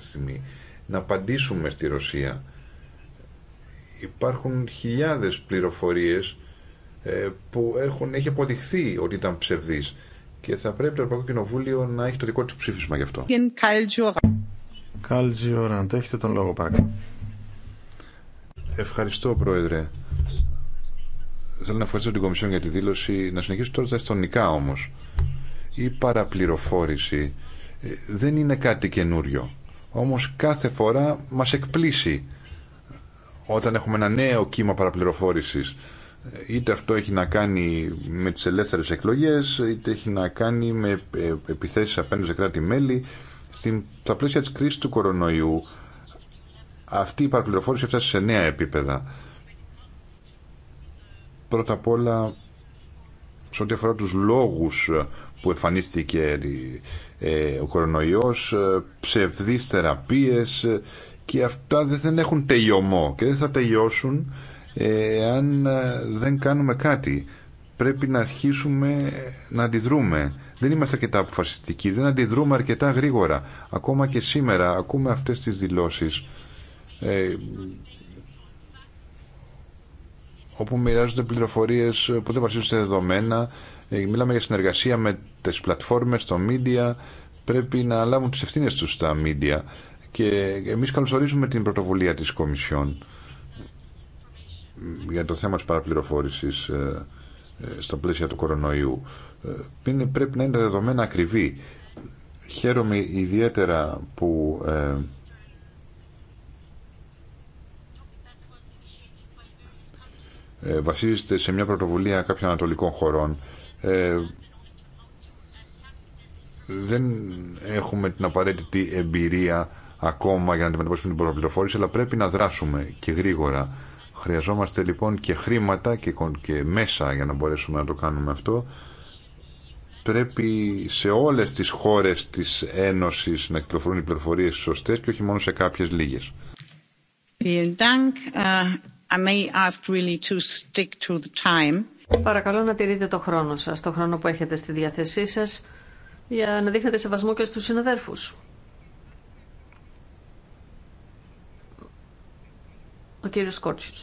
στιγμή να απαντήσουμε στη Ρωσία. Υπάρχουν χιλιάδες πληροφορίες ε, που έχουν, έχει αποδειχθεί ότι ήταν ψευδής και θα πρέπει το Ευρωπαϊκό Κοινοβούλιο να έχει το δικό του ψήφισμα γι' αυτό. έχετε τον λόγο παρακαλώ. Ευχαριστώ Πρόεδρε. Θέλω να ευχαριστήσω την Κομισιόν για τη δήλωση. Να συνεχίσω τώρα τα εστονικά όμως. Η παραπληροφόρηση ε, δεν είναι κάτι καινούριο. Όμως κάθε φορά μας εκπλήσει όταν έχουμε ένα νέο κύμα παραπληροφόρησης. Είτε αυτό έχει να κάνει με τις ελεύθερες εκλογές, είτε έχει να κάνει με ε, επιθέσεις απέναντι σε κράτη-μέλη. Στα πλαίσια της κρίσης του κορονοϊού, αυτή η παραπληροφόρηση έφτασε σε νέα επίπεδα. Πρώτα απ' όλα, σε ό,τι αφορά τους λόγους που εμφανίστηκε ε, ε, ο κορονοϊός, ε, ψευδείς θεραπείες ε, και αυτά δεν έχουν τελειωμό και δεν θα τελειώσουν αν δεν κάνουμε κάτι. Πρέπει να αρχίσουμε να αντιδρούμε. Δεν είμαστε αρκετά αποφασιστικοί, δεν αντιδρούμε αρκετά γρήγορα. Ακόμα και σήμερα ακούμε αυτές τις δηλώσεις όπου μοιράζονται πληροφορίες που δεν βασίζονται σε δεδομένα ε, μιλάμε για συνεργασία με τις πλατφόρμες, το media. Πρέπει να λάβουν τις ευθύνες τους τα media. Και εμείς καλωσορίζουμε την πρωτοβουλία της Κομισιόν για το θέμα της παραπληροφόρησης ε, ε, στα πλαίσια του κορονοϊού. Πρέπει να είναι τα δεδομένα ακριβή. Χαίρομαι ιδιαίτερα που βασίζεται σε μια πρωτοβουλία κάποιων ανατολικών χωρών ε, δεν έχουμε την απαραίτητη εμπειρία ακόμα για να αντιμετωπίσουμε την προπληροφόρηση, αλλά πρέπει να δράσουμε και γρήγορα. Χρειαζόμαστε λοιπόν και χρήματα και, μέσα για να μπορέσουμε να το κάνουμε αυτό. Πρέπει σε όλες τις χώρες της Ένωσης να κυκλοφορούν οι πληροφορίες σωστές και όχι μόνο σε κάποιες λίγες. Παρακαλώ να τηρείτε το χρόνο σας, το χρόνο που έχετε στη διάθεσή σας, για να δείχνετε σεβασμό και στους συναδέρφους. Ο κύριο Κόρτσιτ.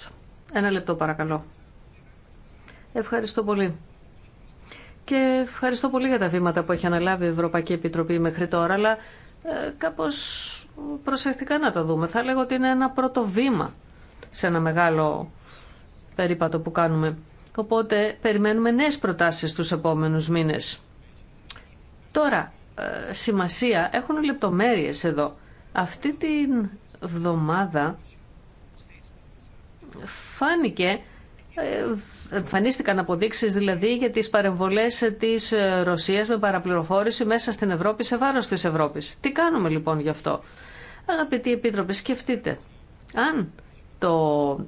Ένα λεπτό παρακαλώ. Ευχαριστώ πολύ. Και ευχαριστώ πολύ για τα βήματα που έχει αναλάβει η Ευρωπαϊκή Επιτροπή μέχρι τώρα, αλλά ε, κάπως προσεκτικά να τα δούμε. Θα λέγω ότι είναι ένα πρώτο βήμα σε ένα μεγάλο περίπατο που κάνουμε. Οπότε περιμένουμε νέες προτάσεις τους επόμενους μήνες. Τώρα, ε, σημασία έχουν λεπτομέρειες εδώ. Αυτή την βδομάδα φάνηκε ε, εμφανίστηκαν αποδείξεις δηλαδή για τις παρεμβολές της ε, Ρωσίας με παραπληροφόρηση μέσα στην Ευρώπη σε βάρος της Ευρώπης. Τι κάνουμε λοιπόν γι' αυτό. Αγαπητοί Επίτροποι, σκεφτείτε. Αν το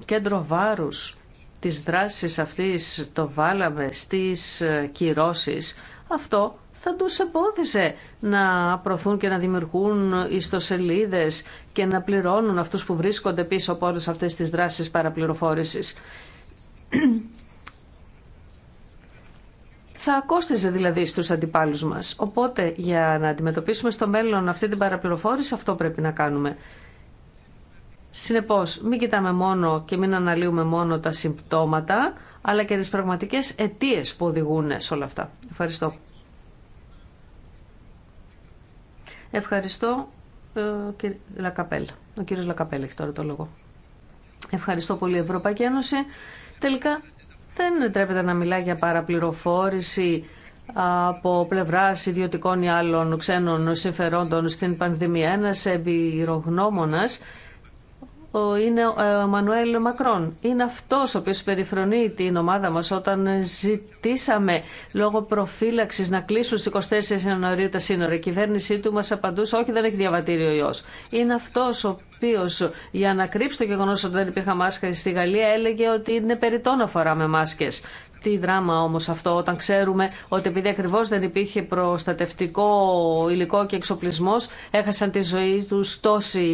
κέντρο βάρους της δράσης αυτής το βάλαμε στις ε, κυρώσεις, αυτό θα τους εμπόδιζε να προωθούν και να δημιουργούν ιστοσελίδες και να πληρώνουν αυτούς που βρίσκονται πίσω από όλες αυτές τις δράσεις παραπληροφόρησης. θα κόστιζε δηλαδή στους αντιπάλους μας. Οπότε για να αντιμετωπίσουμε στο μέλλον αυτή την παραπληροφόρηση αυτό πρέπει να κάνουμε. Συνεπώς, μην κοιτάμε μόνο και μην αναλύουμε μόνο τα συμπτώματα, αλλά και τις πραγματικές αιτίες που οδηγούν σε όλα αυτά. Ευχαριστώ. Ευχαριστώ, κύριε Λακαπέλ. Ο κύριος Λακαπέλ έχει τώρα το λόγο. Ευχαριστώ πολύ, Ευρωπαϊκή Ένωση. Τελικά, δεν τρέπεται να μιλά για παραπληροφόρηση από πλευρά ιδιωτικών ή άλλων ξένων συμφερόντων στην πανδημία. Ένας εμπειρογνώμονας είναι ε, ο Μανουέλ Μακρόν. Είναι αυτός ο οποίος περιφρονεί την ομάδα μας όταν ζητήσαμε λόγω προφύλαξη να κλείσουν στις 24 Ιανουαρίου τα σύνορα. Η κυβέρνησή του μα απαντούσε όχι δεν έχει διαβατήριο ιό. Είναι αυτός ο οποίος για να κρύψει το γεγονό ότι δεν υπήρχαν μάσκε στη Γαλλία έλεγε ότι είναι περιττό να φοράμε μάσκες τι δράμα όμως αυτό όταν ξέρουμε ότι επειδή ακριβώς δεν υπήρχε προστατευτικό υλικό και εξοπλισμός έχασαν τη ζωή τους τόσοι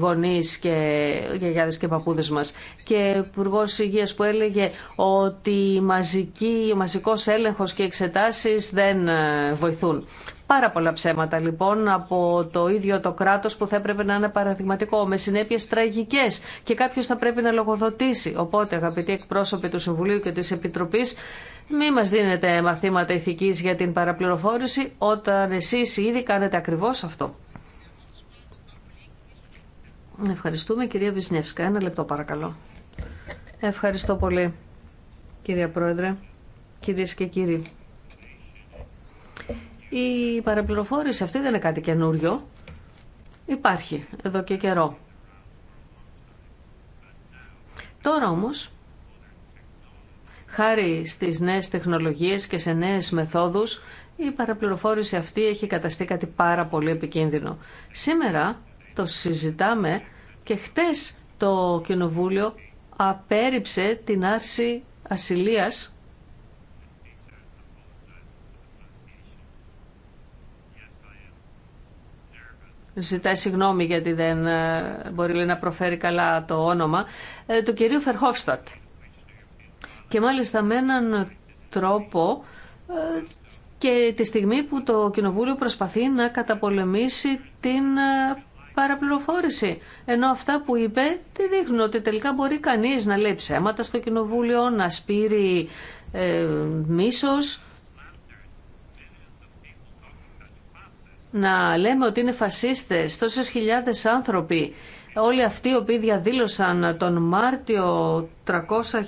γονείς και γιαγιάδες και παππούδες μας. Και υπουργό Υγεία που έλεγε ότι μαζική, μαζικός έλεγχος και εξετάσεις δεν ε, βοηθούν. Πάρα πολλά ψέματα λοιπόν από το ίδιο το κράτος που θα έπρεπε να είναι παραδειγματικό, με συνέπειες τραγικές και κάποιος θα πρέπει να λογοδοτήσει. Οπότε αγαπητοί εκπρόσωποι του Συμβουλίου και της Επιτροπής, μη μας δίνετε μαθήματα ηθικής για την παραπληροφόρηση όταν εσείς ήδη κάνετε ακριβώς αυτό. Ευχαριστούμε κυρία Βυσνιεύσκα. Ένα λεπτό παρακαλώ. Ευχαριστώ πολύ κυρία Πρόεδρε, κυρίες και κύριοι. Η παραπληροφόρηση αυτή δεν είναι κάτι καινούριο. Υπάρχει εδώ και καιρό. Τώρα όμως, χάρη στις νέες τεχνολογίες και σε νέες μεθόδους, η παραπληροφόρηση αυτή έχει καταστεί κάτι πάρα πολύ επικίνδυνο. Σήμερα το συζητάμε και χτες το Κοινοβούλιο απέριψε την άρση ασυλίας ζητάει συγγνώμη γιατί δεν ε, μπορεί λέει, να προφέρει καλά το όνομα, ε, του κυρίου Φερχόφστατ. Και μάλιστα με έναν τρόπο ε, και τη στιγμή που το Κοινοβούλιο προσπαθεί να καταπολεμήσει την παραπληροφόρηση. Ενώ αυτά που είπε τη δείχνουν ότι τελικά μπορεί κανείς να λέει ψέματα στο Κοινοβούλιο, να σπείρει ε, μίσος να λέμε ότι είναι φασίστες τόσες χιλιάδες άνθρωποι όλοι αυτοί οι οποίοι διαδήλωσαν τον Μάρτιο 300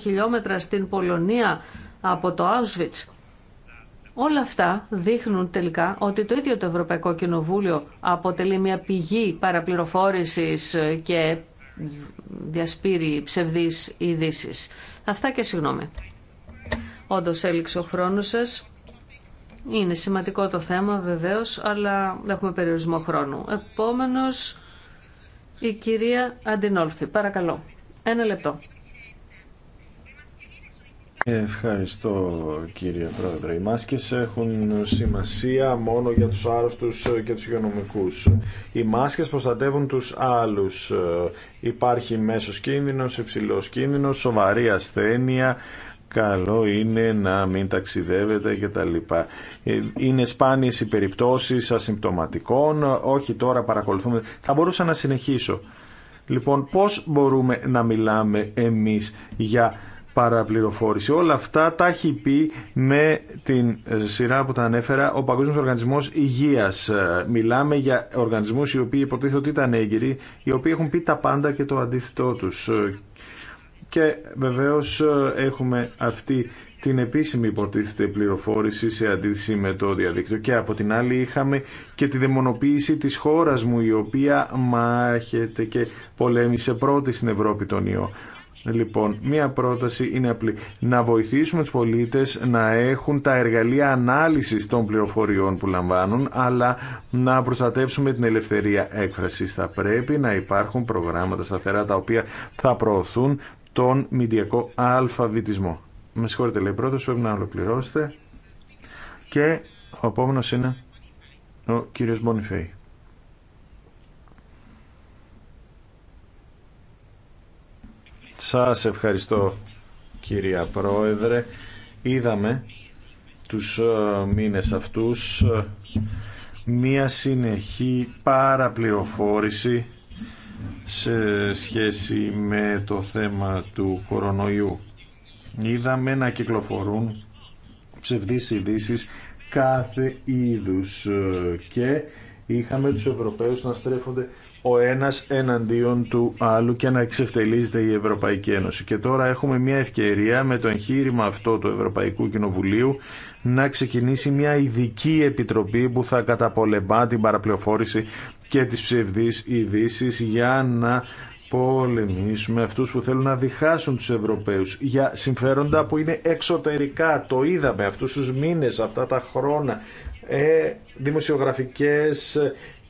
χιλιόμετρα στην Πολωνία από το Auschwitz. Όλα αυτά δείχνουν τελικά ότι το ίδιο το Ευρωπαϊκό Κοινοβούλιο αποτελεί μια πηγή παραπληροφόρησης και διασπείρει ψευδείς ειδήσει. Αυτά και συγγνώμη. Όντως έληξε ο χρόνος είναι σημαντικό το θέμα βεβαίως, αλλά έχουμε περιορισμό χρόνου. Επόμενος, η κυρία Αντινόλφη. Παρακαλώ. Ένα λεπτό. Ευχαριστώ κύριε Πρόεδρε. Οι μάσκες έχουν σημασία μόνο για τους άρρωστους και τους υγειονομικούς. Οι μάσκες προστατεύουν τους άλλους. Υπάρχει μέσος κίνδυνος, υψηλός κίνδυνος, σοβαρή ασθένεια, καλό είναι να μην ταξιδεύετε και τα λοιπά. Ε, είναι σπάνιες οι περιπτώσεις ασυμπτωματικών, όχι τώρα παρακολουθούμε. Θα μπορούσα να συνεχίσω. Λοιπόν, πώς μπορούμε να μιλάμε εμείς για παραπληροφόρηση. Όλα αυτά τα έχει πει με την σειρά που τα ανέφερα ο Παγκόσμιος Οργανισμός Υγείας. Ε, μιλάμε για οργανισμούς οι οποίοι υποτίθεται ότι ήταν έγκυροι, οι οποίοι έχουν πει τα πάντα και το αντίθετό τους ε, και βεβαίως ε, έχουμε αυτή την επίσημη υποτίθεται πληροφόρηση σε αντίθεση με το διαδίκτυο και από την άλλη είχαμε και τη δαιμονοποίηση της χώρας μου η οποία μάχεται και πολέμησε πρώτη στην Ευρώπη τον ιό. Λοιπόν, μία πρόταση είναι απλή. Να βοηθήσουμε τους πολίτες να έχουν τα εργαλεία ανάλυσης των πληροφοριών που λαμβάνουν, αλλά να προστατεύσουμε την ελευθερία έκφρασης. Θα πρέπει να υπάρχουν προγράμματα σταθερά τα οποία θα προωθούν τον μηντιακό αλφαβητισμό. Με συγχωρείτε λέει πρώτος, πρέπει να ολοκληρώσετε. Και ο επόμενος είναι ο κύριος Μπονιφέη. Σας ευχαριστώ κυρία Πρόεδρε. Είδαμε τους ε, μήνες αυτούς ε, μία συνεχή παραπληροφόρηση σε σχέση με το θέμα του κορονοϊού. Είδαμε να κυκλοφορούν ψευδείς ειδήσει κάθε είδους ε, και είχαμε τους Ευρωπαίους να στρέφονται ο ένας εναντίον του άλλου και να εξευτελίζεται η Ευρωπαϊκή Ένωση. Και τώρα έχουμε μια ευκαιρία με το εγχείρημα αυτό του Ευρωπαϊκού Κοινοβουλίου να ξεκινήσει μια ειδική επιτροπή που θα καταπολεμπά την παραπληροφόρηση και τις ψευδείς ειδήσει για να πολεμήσουμε αυτούς που θέλουν να διχάσουν τους Ευρωπαίους για συμφέροντα που είναι εξωτερικά. Το είδαμε αυτούς τους μήνες, αυτά τα χρόνια, ε, δημοσιογραφικές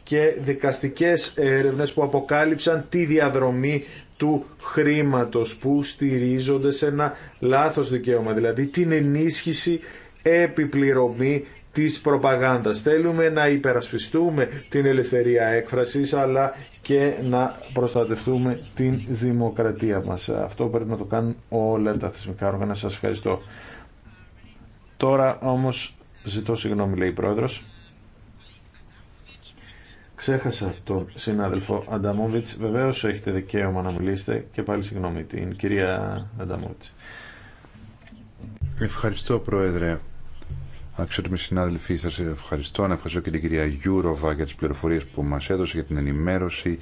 και δικαστικές έρευνες που αποκάλυψαν τη διαδρομή του χρήματος που στηρίζονται σε ένα λάθος δικαίωμα, δηλαδή την ενίσχυση επιπληρωμή της προπαγάνδας. Θέλουμε να υπερασπιστούμε την ελευθερία έκφρασης αλλά και να προστατευτούμε την δημοκρατία μας. Αυτό πρέπει να το κάνουν όλα τα θεσμικά όργανα. Σας ευχαριστώ. Τώρα όμως ζητώ συγγνώμη λέει η Πρόεδρος. Ξέχασα τον συνάδελφο Ανταμόβιτς. Βεβαίως έχετε δικαίωμα να μιλήσετε και πάλι συγγνώμη την κυρία Ανταμόβιτς. Ευχαριστώ Πρόεδρε. Αξιότιμοι συνάδελφοι, σα ευχαριστώ. Να ευχαριστώ και την κυρία Γιούροβα για τι πληροφορίε που μα έδωσε, για την ενημέρωση,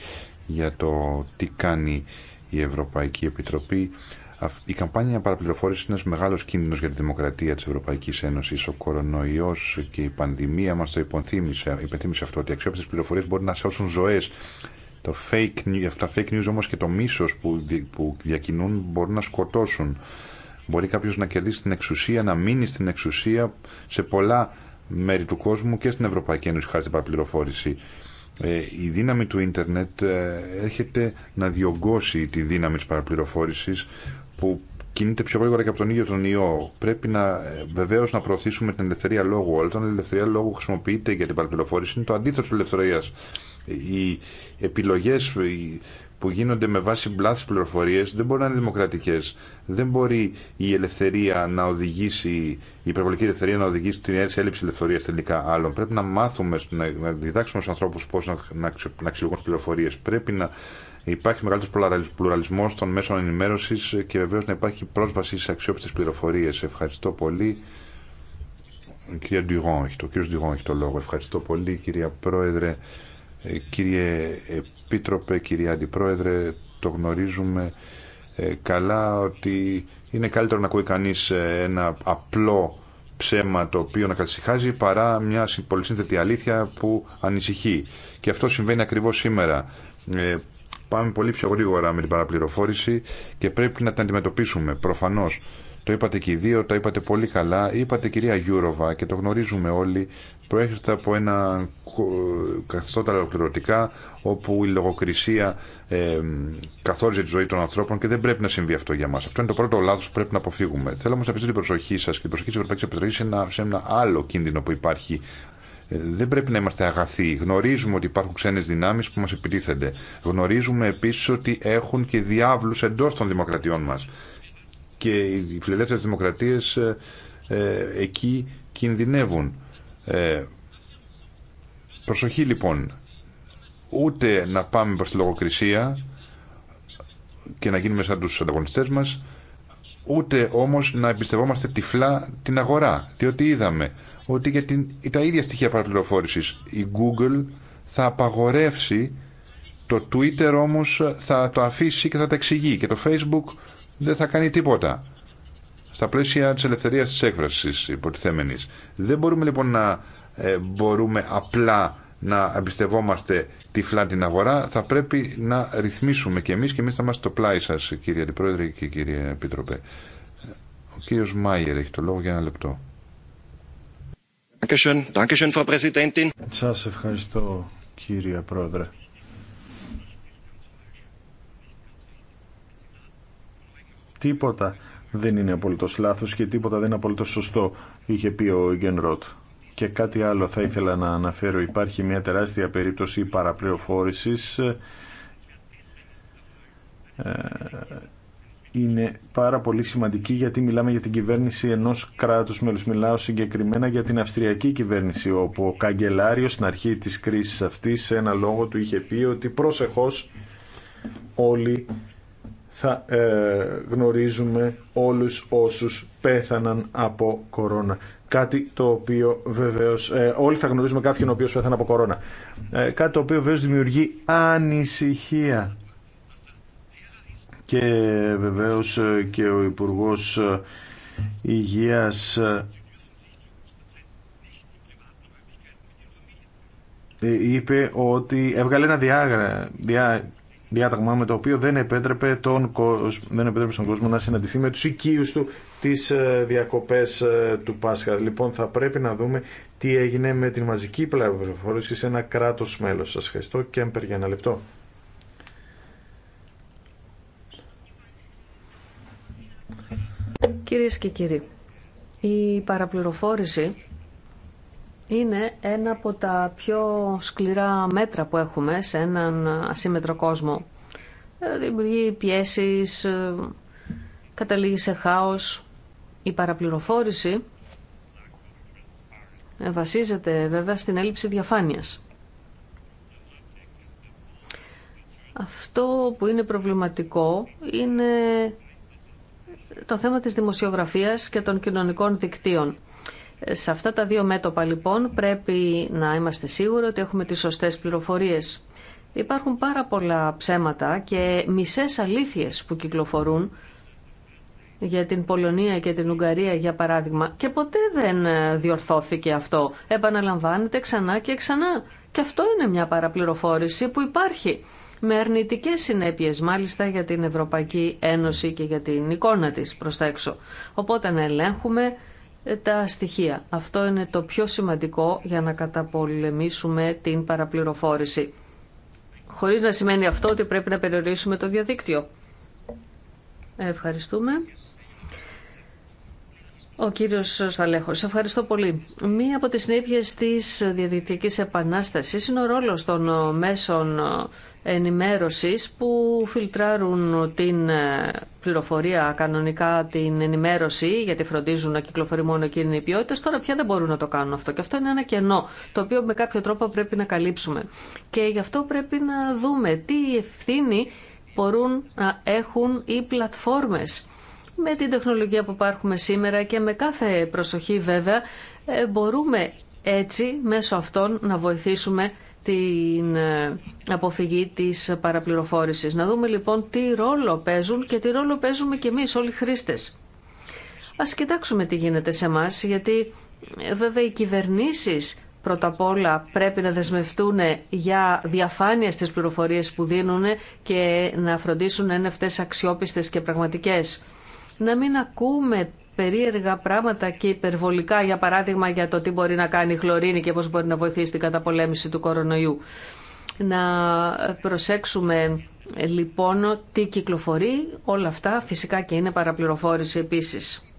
για το τι κάνει η Ευρωπαϊκή Επιτροπή. Η καμπάνια παραπληροφόρηση είναι ένα μεγάλο κίνδυνο για τη δημοκρατία τη Ευρωπαϊκή Ένωση. Ο κορονοϊό και η πανδημία μα το υπενθύμησε, υπενθύμησε αυτό ότι οι αξιόπιστε πληροφορίε μπορεί να σώσουν ζωέ. Το fake news, τα fake news όμως και το μίσος που, που διακινούν μπορούν να σκοτώσουν. Μπορεί κάποιο να κερδίσει την εξουσία, να μείνει στην εξουσία σε πολλά μέρη του κόσμου και στην Ευρωπαϊκή Ένωση χάρη στην παραπληροφόρηση. Ε, η δύναμη του ίντερνετ ε, έρχεται να διωγγώσει τη δύναμη της παραπληροφόρησης που κινείται πιο γρήγορα και από τον ίδιο τον ιό. Πρέπει να ε, βεβαίως να προωθήσουμε την ελευθερία λόγου. Όταν η ελευθερία λόγου χρησιμοποιείται για την παραπληροφόρηση, είναι το αντίθετο της ελευθερία. Οι που γίνονται με βάση μπλάθης πληροφορίες δεν μπορεί να είναι δημοκρατικές. Δεν μπορεί η ελευθερία να οδηγήσει, η υπερβολική ελευθερία να οδηγήσει την έλλειψη ελευθερίας τελικά άλλων. Πρέπει να μάθουμε, να διδάξουμε στους ανθρώπους πώς να, να, να αξιολογούν πληροφορίες. Πρέπει να υπάρχει μεγαλύτερο πλουραλισμό των μέσων ενημέρωσης και βεβαίως να υπάρχει πρόσβαση σε αξιόπιστες πληροφορίες. Ευχαριστώ πολύ. Κυρία ο κύριος έχει το λόγο. Ευχαριστώ πολύ κυρία Πρόεδρε. Ε, κύριε ε, Επίτροπε, κυρία Αντιπρόεδρε, το γνωρίζουμε ε, καλά ότι είναι καλύτερο να ακούει κανείς ε, ένα απλό ψέμα το οποίο να καθησυχάζει παρά μια πολυσύνθετη αλήθεια που ανησυχεί. Και αυτό συμβαίνει ακριβώς σήμερα. Ε, πάμε πολύ πιο γρήγορα με την παραπληροφόρηση και πρέπει να την αντιμετωπίσουμε προφανώς. Το είπατε και οι δύο, το είπατε πολύ καλά. Είπατε κυρία Γιούροβα και το γνωρίζουμε όλοι προέρχεται από ένα καθεστώτα ολοκληρωτικά όπου η λογοκρισία ε, καθόριζε τη ζωή των ανθρώπων και δεν πρέπει να συμβεί αυτό για μα. Αυτό είναι το πρώτο λάθο που πρέπει να αποφύγουμε. Θέλω όμω να πιστώ την προσοχή σα και την προσοχή τη Ευρωπαϊκή Επιτροπή σε, σε ένα άλλο κίνδυνο που υπάρχει ε, δεν πρέπει να είμαστε αγαθοί. Γνωρίζουμε ότι υπάρχουν ξένε δυνάμει που μα επιτίθενται. Γνωρίζουμε επίση ότι έχουν και διάβλου εντό των δημοκρατιών μα. Και οι φιλελεύθερε δημοκρατίε ε, ε, εκεί κινδυνεύουν. Ε, προσοχή λοιπόν, ούτε να πάμε προς τη λογοκρισία και να γίνουμε σαν τους ανταγωνιστές μας, ούτε όμως να εμπιστευόμαστε τυφλά την αγορά, διότι είδαμε ότι για την, τα ίδια στοιχεία παραπληροφόρησης η Google θα απαγορεύσει το Twitter όμως θα το αφήσει και θα τα εξηγεί και το Facebook δεν θα κάνει τίποτα στα πλαίσια της ελευθερίας της έκφρασης υποτιθέμενης. Δεν μπορούμε λοιπόν να ε, μπορούμε απλά να εμπιστευόμαστε τυφλά την αγορά, θα πρέπει να ρυθμίσουμε και εμείς και εμείς θα είμαστε το πλάι σας κύριε Αντιπρόεδρε και κύριε Επίτροπε. Ο κύριος Μάιερ έχει το λόγο για ένα λεπτό. Σας ευχαριστώ κύριε Πρόεδρε. Τίποτα δεν είναι απολύτως λάθο και τίποτα δεν είναι απολύτως σωστό, είχε πει ο Γκεν Ροτ. Και κάτι άλλο θα ήθελα να αναφέρω. Υπάρχει μια τεράστια περίπτωση παραπληροφόρησης. Ε, είναι πάρα πολύ σημαντική γιατί μιλάμε για την κυβέρνηση ενός κράτους μέλου. Μιλάω συγκεκριμένα για την αυστριακή κυβέρνηση όπου ο καγκελάριο στην αρχή τη κρίση αυτή σε ένα λόγο του είχε πει ότι προσεχώ όλοι θα ε, γνωρίζουμε όλους όσους πέθαναν από κορώνα. Κάτι το οποίο βεβαίως, ε, όλοι θα γνωρίζουμε κάποιον ο οποίος πέθανε από κορώνα. Ε, κάτι το οποίο βεβαίως δημιουργεί ανησυχία. Και βεβαίως ε, και ο Υπουργός ε, Υγείας είπε ότι έβγαλε ένα διάγραμμα διά, διάταγμα με το οποίο δεν επέτρεπε, τον κόσμο, δεν επέτρεπε στον κόσμο να συναντηθεί με τους οικείους του τις ε, διακοπές ε, του Πάσχα. Λοιπόν, θα πρέπει να δούμε τι έγινε με την μαζική πληροφορήση σε ένα κράτος μέλος. Σας ευχαριστώ και για ένα λεπτό. Κυρίες και κύριοι, η παραπληροφόρηση είναι ένα από τα πιο σκληρά μέτρα που έχουμε σε έναν ασύμετρο κόσμο. Ε, δημιουργεί πιέσεις, ε, καταλήγει σε χάος. Η παραπληροφόρηση ε, βασίζεται βέβαια στην έλλειψη διαφάνειας. Αυτό που είναι προβληματικό είναι το θέμα της δημοσιογραφίας και των κοινωνικών δικτύων. Σε αυτά τα δύο μέτωπα λοιπόν πρέπει να είμαστε σίγουροι ότι έχουμε τις σωστές πληροφορίες. Υπάρχουν πάρα πολλά ψέματα και μισές αλήθειες που κυκλοφορούν για την Πολωνία και την Ουγγαρία για παράδειγμα και ποτέ δεν διορθώθηκε αυτό. Επαναλαμβάνεται ξανά και ξανά. Και αυτό είναι μια παραπληροφόρηση που υπάρχει με αρνητικές συνέπειες μάλιστα για την Ευρωπαϊκή Ένωση και για την εικόνα της προς τα έξω. Οπότε να ελέγχουμε τα στοιχεία. Αυτό είναι το πιο σημαντικό για να καταπολεμήσουμε την παραπληροφόρηση. Χωρίς να σημαίνει αυτό ότι πρέπει να περιορίσουμε το διαδίκτυο. Ευχαριστούμε. Ο κύριος Σταλέχος, ευχαριστώ πολύ. Μία από τι συνέπειε τη διαδικτυακή επανάσταση είναι ο ρόλο των μέσων ενημέρωση που φιλτράρουν την πληροφορία κανονικά την ενημέρωση γιατί φροντίζουν να κυκλοφορεί μόνο εκείνη η ποιότητα τώρα πια δεν μπορούν να το κάνουν αυτό και αυτό είναι ένα κενό το οποίο με κάποιο τρόπο πρέπει να καλύψουμε και γι' αυτό πρέπει να δούμε τι ευθύνη μπορούν να έχουν οι πλατφόρμες με την τεχνολογία που υπάρχουμε σήμερα και με κάθε προσοχή βέβαια ε, μπορούμε έτσι μέσω αυτών να βοηθήσουμε την ε, αποφυγή της παραπληροφόρησης. Να δούμε λοιπόν τι ρόλο παίζουν και τι ρόλο παίζουμε και εμείς όλοι οι χρήστες. Ας κοιτάξουμε τι γίνεται σε εμά, γιατί ε, βέβαια οι κυβερνήσεις πρώτα απ' όλα πρέπει να δεσμευτούν για διαφάνεια στις πληροφορίες που δίνουν και να φροντίσουν να είναι αξιόπιστες και πραγματικές να μην ακούμε περίεργα πράγματα και υπερβολικά, για παράδειγμα, για το τι μπορεί να κάνει η χλωρίνη και πώς μπορεί να βοηθήσει την καταπολέμηση του κορονοϊού. Να προσέξουμε λοιπόν τι κυκλοφορεί, όλα αυτά φυσικά και είναι παραπληροφόρηση επίσης.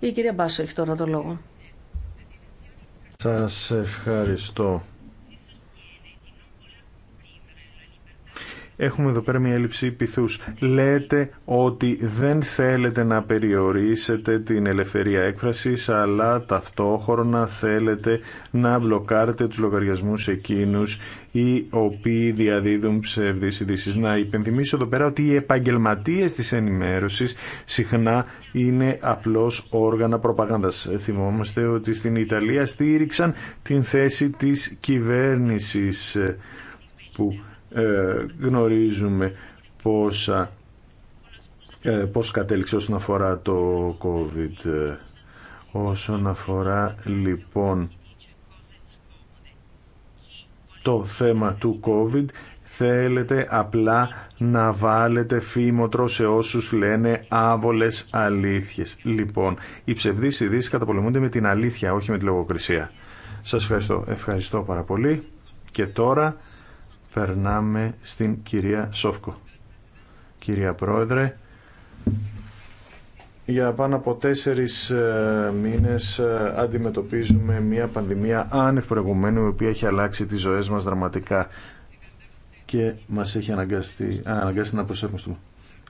Η κυρία Μπάσο έχει τώρα το λόγο. Σας ευχαριστώ. έχουμε εδώ πέρα μια έλλειψη πυθούς. Λέτε ότι δεν θέλετε να περιορίσετε την ελευθερία έκφρασης, αλλά ταυτόχρονα θέλετε να μπλοκάρετε τους λογαριασμούς εκείνους οι οποίοι διαδίδουν ψευδείς ειδήσει. Να υπενθυμίσω εδώ πέρα ότι οι επαγγελματίες της ενημέρωσης συχνά είναι απλώς όργανα προπαγάνδας. Θυμόμαστε ότι στην Ιταλία στήριξαν την θέση της κυβέρνησης που ε, γνωρίζουμε πόσα, ε, πώς κατέληξε όσον αφορά το COVID. Όσον αφορά λοιπόν το θέμα του COVID, θέλετε απλά να βάλετε φήμοτρο σε όσους λένε άβολες αλήθειες. Λοιπόν, οι ψευδείς ειδήσει καταπολεμούνται με την αλήθεια, όχι με τη λογοκρισία. Σας ευχαριστώ. Ευχαριστώ πάρα πολύ. Και τώρα περνάμε στην κυρία Σόφκο. Κυρία Πρόεδρε, για πάνω από τέσσερις ε, μήνες ε, αντιμετωπίζουμε μια πανδημία άνευ προηγουμένου η οποία έχει αλλάξει τις ζωές μας δραματικά και μας έχει αναγκαστεί, αναγκαστεί να προσέχουμε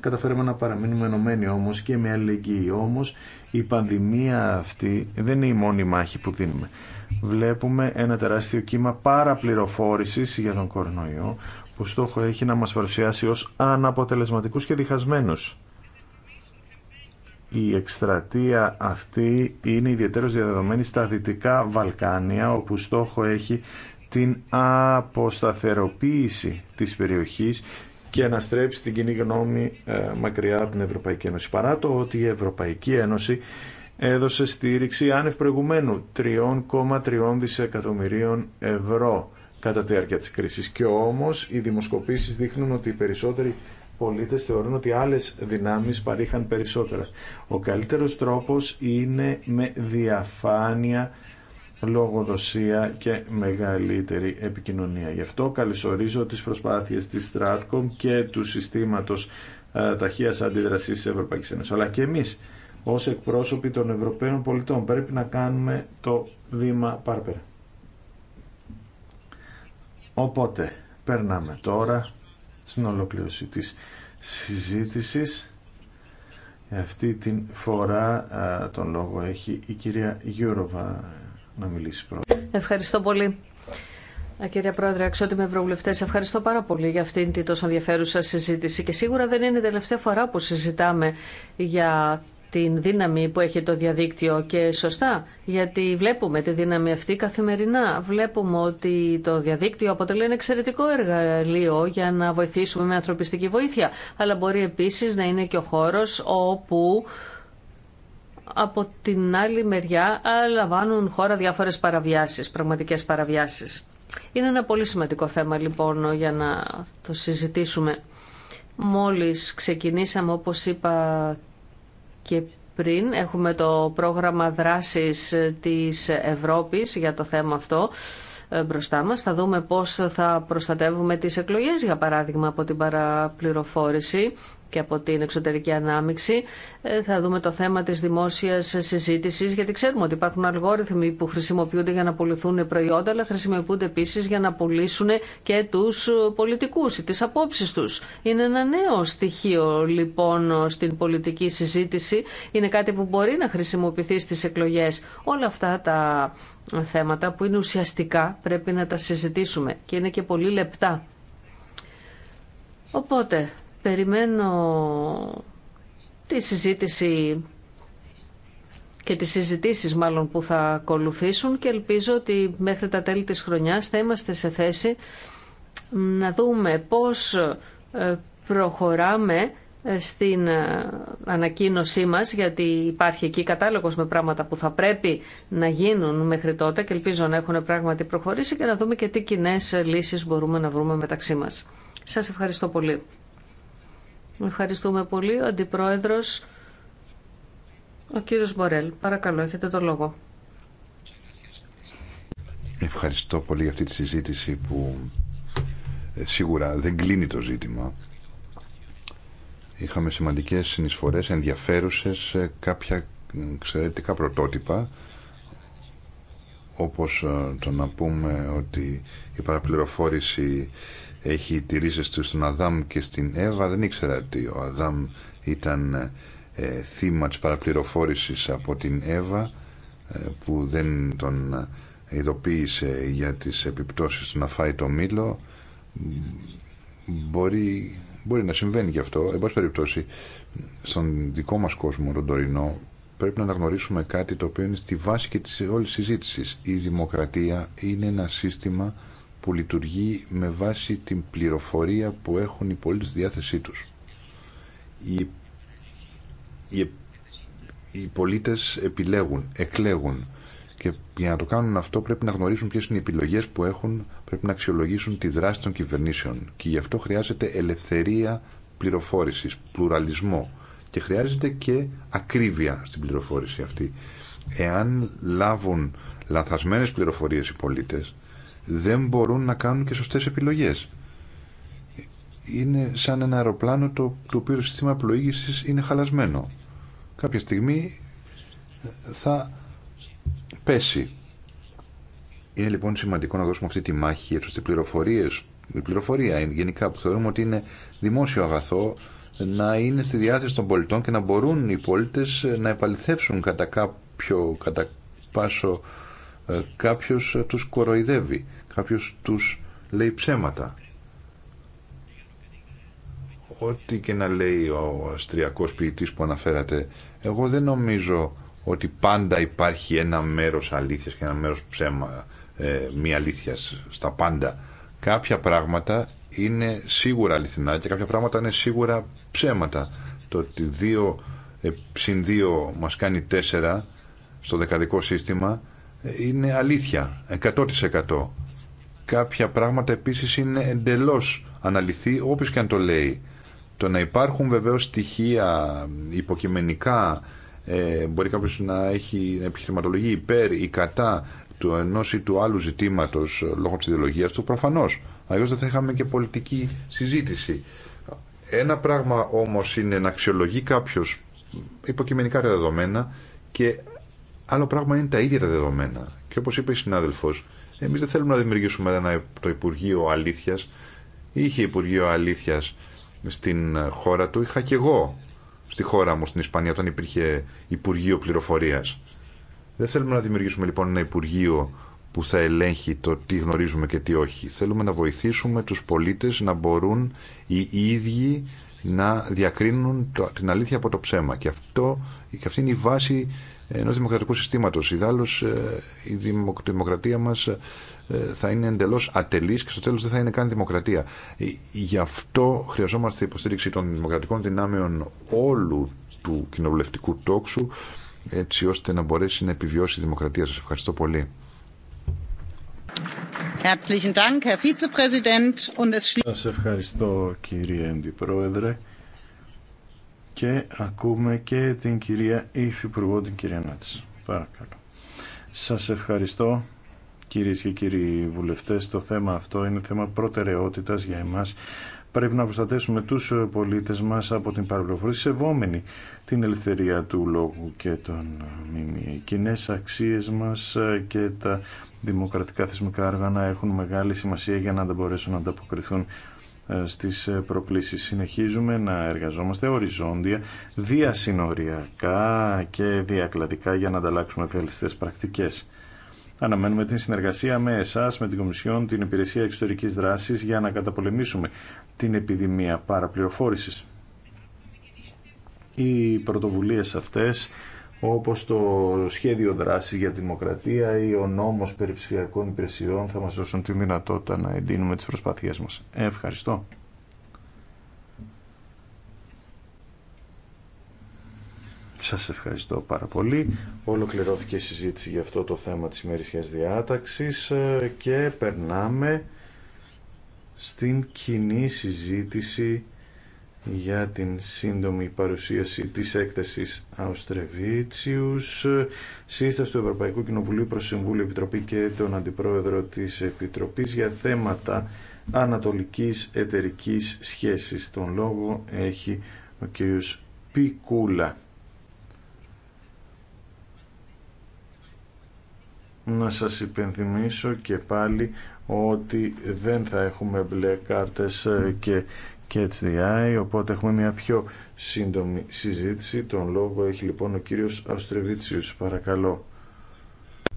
Καταφέραμε να παραμείνουμε ενωμένοι όμως και με αλληλεγγύη. Όμως η πανδημία αυτή δεν είναι η μόνη μάχη που δίνουμε βλέπουμε ένα τεράστιο κύμα παραπληροφόρησης για τον κορονοϊό που στόχο έχει να μας παρουσιάσει ως αναποτελεσματικούς και διχασμένους. Η εκστρατεία αυτή είναι ιδιαίτερως διαδεδομένη στα Δυτικά Βαλκάνια όπου στόχο έχει την αποσταθεροποίηση της περιοχής και να στρέψει την κοινή γνώμη ε, μακριά από την Ευρωπαϊκή Ένωση. Παρά το ότι η Ευρωπαϊκή Ένωση έδωσε στήριξη άνευ προηγουμένου 3,3 δισεκατομμυρίων ευρώ κατά τη διάρκεια της κρίσης. Και όμως οι δημοσκοπήσεις δείχνουν ότι οι περισσότεροι πολίτες θεωρούν ότι άλλες δυνάμεις παρήχαν περισσότερα. Ο καλύτερος τρόπος είναι με διαφάνεια, λογοδοσία και μεγαλύτερη επικοινωνία. Γι' αυτό καλωσορίζω τις προσπάθειες της Stratcom και του συστήματος ε, ταχείας αντίδρασης της Ευρωπαϊκής Ένωσης. Αλλά και εμείς ως εκπρόσωποι των Ευρωπαίων πολιτών. Πρέπει να κάνουμε το βήμα πάρπερα. Οπότε, περνάμε τώρα στην ολοκλήρωση της συζήτησης. Αυτή την φορά τον λόγο έχει η κυρία Γιούροβα να μιλήσει πρώτα. Ευχαριστώ πολύ. Κύριε Πρόεδρε, αξιότιμοι Ευρωβουλευτέ, ευχαριστώ πάρα πολύ για αυτήν την τόσο ενδιαφέρουσα συζήτηση. Και σίγουρα δεν είναι η τελευταία φορά που συζητάμε για την δύναμη που έχει το διαδίκτυο και σωστά, γιατί βλέπουμε τη δύναμη αυτή καθημερινά. Βλέπουμε ότι το διαδίκτυο αποτελεί ένα εξαιρετικό εργαλείο για να βοηθήσουμε με ανθρωπιστική βοήθεια, αλλά μπορεί επίσης να είναι και ο χώρος όπου από την άλλη μεριά λαμβάνουν χώρα διάφορες παραβιάσεις, πραγματικές παραβιάσεις. Είναι ένα πολύ σημαντικό θέμα λοιπόν για να το συζητήσουμε. Μόλις ξεκινήσαμε όπως είπα και πριν. Έχουμε το πρόγραμμα δράσης της Ευρώπης για το θέμα αυτό ε, μπροστά μας. Θα δούμε πώς θα προστατεύουμε τις εκλογές, για παράδειγμα, από την παραπληροφόρηση και από την εξωτερική ανάμειξη. Ε, θα δούμε το θέμα της δημόσιας συζήτησης, γιατί ξέρουμε ότι υπάρχουν αλγόριθμοι που χρησιμοποιούνται για να πουληθούν προϊόντα, αλλά χρησιμοποιούνται επίσης για να πουλήσουν και τους πολιτικούς ή τις απόψεις τους. Είναι ένα νέο στοιχείο λοιπόν στην πολιτική συζήτηση. Είναι κάτι που μπορεί να χρησιμοποιηθεί στις εκλογές. Όλα αυτά τα θέματα που είναι ουσιαστικά πρέπει να τα συζητήσουμε και είναι και πολύ λεπτά. Οπότε, Περιμένω τη συζήτηση και τις συζητήσεις μάλλον που θα ακολουθήσουν και ελπίζω ότι μέχρι τα τέλη της χρονιάς θα είμαστε σε θέση να δούμε πώς ε, προχωράμε ε, στην ε, ανακοίνωσή μας γιατί υπάρχει εκεί κατάλογος με πράγματα που θα πρέπει να γίνουν μέχρι τότε και ελπίζω να έχουν πράγματι προχωρήσει και να δούμε και τι κοινέ λύσεις μπορούμε να βρούμε μεταξύ μας. Σας ευχαριστώ πολύ. Ευχαριστούμε πολύ. Ο Αντιπρόεδρος, ο κύριος Μπορέλ. Παρακαλώ, έχετε το λόγο. Ευχαριστώ πολύ για αυτή τη συζήτηση που ε, σίγουρα δεν κλείνει το ζήτημα. Είχαμε σημαντικές συνεισφορές, ενδιαφέρουσες, ε, κάποια εξαιρετικά πρωτότυπα όπως ε, το να πούμε ότι η παραπληροφόρηση έχει τη ρίζα του στον Αδάμ και στην Εύα. Δεν ήξερα ότι ο Αδάμ ήταν ε, θύμα της παραπληροφόρησης από την Εύα ε, που δεν τον ε, ειδοποίησε για τις επιπτώσεις του να φάει το μήλο. Μπορεί, μπορεί να συμβαίνει και αυτό. Εν πάση περιπτώσει, στον δικό μας κόσμο, τον τωρινό, πρέπει να αναγνωρίσουμε κάτι το οποίο είναι στη βάση και της όλης συζήτησης. Η δημοκρατία είναι ένα σύστημα που λειτουργεί με βάση την πληροφορία που έχουν οι πολίτες στη διάθεσή τους. Οι, οι, πολίτες επιλέγουν, εκλέγουν και για να το κάνουν αυτό πρέπει να γνωρίζουν ποιες είναι οι επιλογές που έχουν, πρέπει να αξιολογήσουν τη δράση των κυβερνήσεων και γι' αυτό χρειάζεται ελευθερία πληροφόρησης, πλουραλισμό και χρειάζεται και ακρίβεια στην πληροφόρηση αυτή. Εάν λάβουν λαθασμένες πληροφορίες οι πολίτες, δεν μπορούν να κάνουν και σωστές επιλογές. Είναι σαν ένα αεροπλάνο το, το οποίο το σύστημα πλοήγησης είναι χαλασμένο. Κάποια στιγμή θα πέσει. Είναι λοιπόν σημαντικό να δώσουμε αυτή τη μάχη έτσι ώστε πληροφορίες, η πληροφορία γενικά που θεωρούμε ότι είναι δημόσιο αγαθό να είναι στη διάθεση των πολιτών και να μπορούν οι πολίτες να επαληθεύσουν κατά κάποιο, κατά πάσο ε, κάποιος ε, τους κοροϊδεύει κάποιος τους λέει ψέματα. Ό,τι και να λέει ο αστριακός ποιητής που αναφέρατε, εγώ δεν νομίζω ότι πάντα υπάρχει ένα μέρος αλήθειας και ένα μέρος ψέμα, ε, μη αλήθειας στα πάντα. Κάποια πράγματα είναι σίγουρα αληθινά και κάποια πράγματα είναι σίγουρα ψέματα. Το ότι δύο ε, συν δύο μας κάνει τέσσερα στο δεκαδικό σύστημα ε, είναι αλήθεια, 100%. Κάποια πράγματα επίσης είναι εντελώς αναλυθεί όπως και αν το λέει. Το να υπάρχουν βεβαίως στοιχεία υποκειμενικά, ε, μπορεί κάποιος να έχει επιχειρηματολογεί υπέρ ή κατά του ενός ή του άλλου ζητήματος λόγω της ιδεολογίας του, προφανώς. Αλλιώς δεν θα είχαμε και πολιτική συζήτηση. Ένα πράγμα όμως είναι να αξιολογεί κάποιο υποκειμενικά τα δεδομένα και άλλο πράγμα είναι τα ίδια τα δεδομένα. Και όπως είπε η συνάδελφο, εμείς δεν θέλουμε να δημιουργήσουμε ένα, το Υπουργείο Αλήθειας. Είχε Υπουργείο Αλήθειας στην ε, χώρα του, είχα και εγώ στη χώρα μου, στην Ισπανία, όταν υπήρχε Υπουργείο πληροφορία. Δεν θέλουμε να δημιουργήσουμε λοιπόν ένα Υπουργείο που θα ελέγχει το τι γνωρίζουμε και τι όχι. Θέλουμε να βοηθήσουμε τους πολίτες να μπορούν οι ίδιοι να διακρίνουν την αλήθεια από το ψέμα. Και, αυτό, και αυτή είναι η βάση ενό δημοκρατικού συστήματο. Ιδάλω ε, η δημοκρατία μα ε, θα είναι εντελώ ατελή και στο τέλο δεν θα είναι καν δημοκρατία. Ε, γι' αυτό χρειαζόμαστε υποστήριξη των δημοκρατικών δυνάμεων όλου του κοινοβουλευτικού τόξου έτσι ώστε να μπορέσει να επιβιώσει η δημοκρατία. Σας ευχαριστώ πολύ. Σας ευχαριστώ κύριε Αντιπρόεδρε και ακούμε και την κυρία Υφυπουργό, την κυρία Νάτης. Παρακαλώ. Σας ευχαριστώ κυρίες και κύριοι βουλευτές. Το θέμα αυτό είναι θέμα προτεραιότητας για εμάς. Πρέπει να προστατεύσουμε τους πολίτες μας από την παραπληροφορία σεβόμενη την ελευθερία του λόγου και των μιμή. Οι κοινέ αξίες μας και τα δημοκρατικά θεσμικά άργανα έχουν μεγάλη σημασία για να μπορέσουν να ανταποκριθούν ε, στις ε, προκλήσεις. Συνεχίζουμε να εργαζόμαστε οριζόντια, διασυνοριακά και διακλατικά για να ανταλλάξουμε ευελιστές πρακτικές. Αναμένουμε την συνεργασία με εσά, με την Κομισιόν, την Υπηρεσία Εξωτερική Δράση για να καταπολεμήσουμε την επιδημία παραπληροφόρησης. Οι πρωτοβουλίε αυτές όπως το σχέδιο δράσης για τη δημοκρατία ή ο νόμος περί ψηφιακών υπηρεσιών θα μας δώσουν τη δυνατότητα να εντείνουμε τις προσπάθειές μας. Ευχαριστώ. Σας ευχαριστώ πάρα πολύ. Ολοκληρώθηκε η συζήτηση για αυτό το θέμα της ημερησιάς διάταξης ε, και περνάμε στην κοινή συζήτηση για την σύντομη παρουσίαση της έκθεσης Αουστρεβίτσιους, σύσταση του Ευρωπαϊκού Κοινοβουλίου προς Συμβούλιο Επιτροπή και τον Αντιπρόεδρο της Επιτροπής για θέματα ανατολικής εταιρικής σχέσης. Τον λόγο έχει ο κ. Πικούλα. Να σας υπενθυμίσω και πάλι ότι δεν θα έχουμε μπλε κάρτες και και οπότε έχουμε μια πιο σύντομη συζήτηση. Τον λόγο έχει λοιπόν ο κύριος Αυστρεβίτσιος. Παρακαλώ.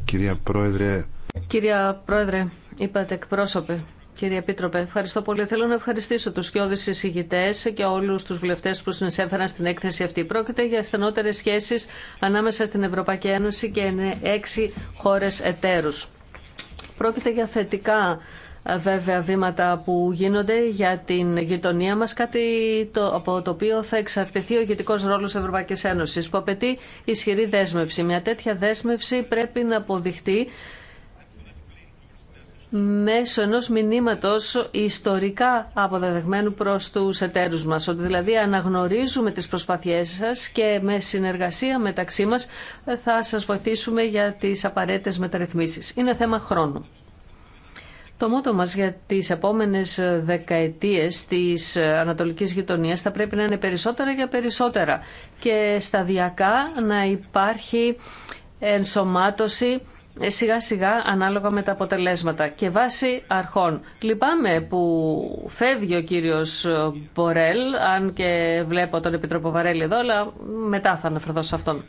Κυρία Πρόεδρε. Κυρία Πρόεδρε, είπατε εκπρόσωπε. Κύριε Επίτροπε, ευχαριστώ πολύ. Θέλω να ευχαριστήσω του σκιώδει εισηγητέ και όλου του βουλευτέ που συνεισέφεραν στην έκθεση αυτή. Πρόκειται για στενότερε σχέσει ανάμεσα στην Ευρωπαϊκή Ένωση και έξι χώρε εταίρου. Πρόκειται για θετικά ε, βέβαια βήματα που γίνονται για την γειτονία μας, κάτι το, από το οποίο θα εξαρτηθεί ο ηγετικό ρόλος της Ευρωπαϊκής Ένωσης, που απαιτεί ισχυρή δέσμευση. Μια τέτοια δέσμευση πρέπει να αποδειχτεί μέσω ενός μηνύματος ιστορικά αποδεδεγμένου προς τους εταίρους μας. Ότι δηλαδή αναγνωρίζουμε τις προσπαθειές σας και με συνεργασία μεταξύ μας θα σας βοηθήσουμε για τις απαραίτητες μεταρρυθμίσεις. Είναι θέμα χρόνου. Το μότο μας για τις επόμενες ε, δεκαετίες της ε, ανατολικής γειτονίας θα πρέπει να είναι περισσότερα για περισσότερα και σταδιακά να υπάρχει ενσωμάτωση ε, σιγά σιγά ανάλογα με τα αποτελέσματα και βάση αρχών. Λυπάμαι που φεύγει ο κύριος Μπορέλ, αν και βλέπω τον Επιτρόπο Βαρέλη εδώ, αλλά μετά θα αναφερθώ σε αυτόν.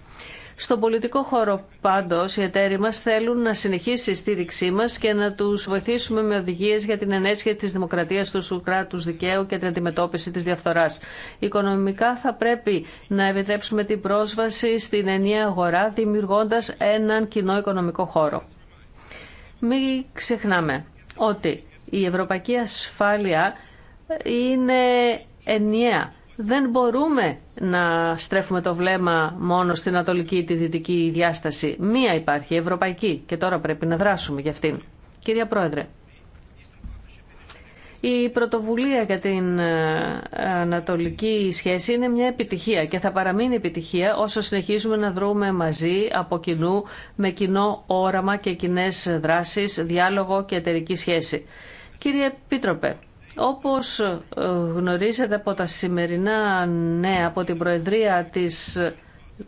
Στον πολιτικό χώρο πάντως οι εταίροι μας θέλουν να συνεχίσει η στήριξή μας και να τους βοηθήσουμε με οδηγίες για την ενέσχεση της δημοκρατίας του κράτους δικαίου και την αντιμετώπιση της διαφθοράς. Οικονομικά θα πρέπει να επιτρέψουμε την πρόσβαση στην ενιαία αγορά δημιουργώντας έναν κοινό οικονομικό χώρο. Μην ξεχνάμε ότι η ευρωπαϊκή ασφάλεια είναι ενιαία δεν μπορούμε να στρέφουμε το βλέμμα μόνο στην ανατολική ή τη δυτική διάσταση. Μία υπάρχει, ευρωπαϊκή, και τώρα πρέπει να δράσουμε για αυτήν. Κυρία Πρόεδρε, η τη δυτικη διασταση μια υπαρχει η ευρωπαικη και τωρα πρεπει να δρασουμε γι αυτην κυρια προεδρε η πρωτοβουλια για την ε, ανατολική σχέση είναι μια επιτυχία και θα παραμείνει επιτυχία όσο συνεχίζουμε να δρούμε μαζί, από κοινού, με κοινό όραμα και κοινέ δράσεις, διάλογο και εταιρική σχέση. Κύριε Επίτροπε, όπως ε, γνωρίζετε από τα σημερινά νέα από την Προεδρία της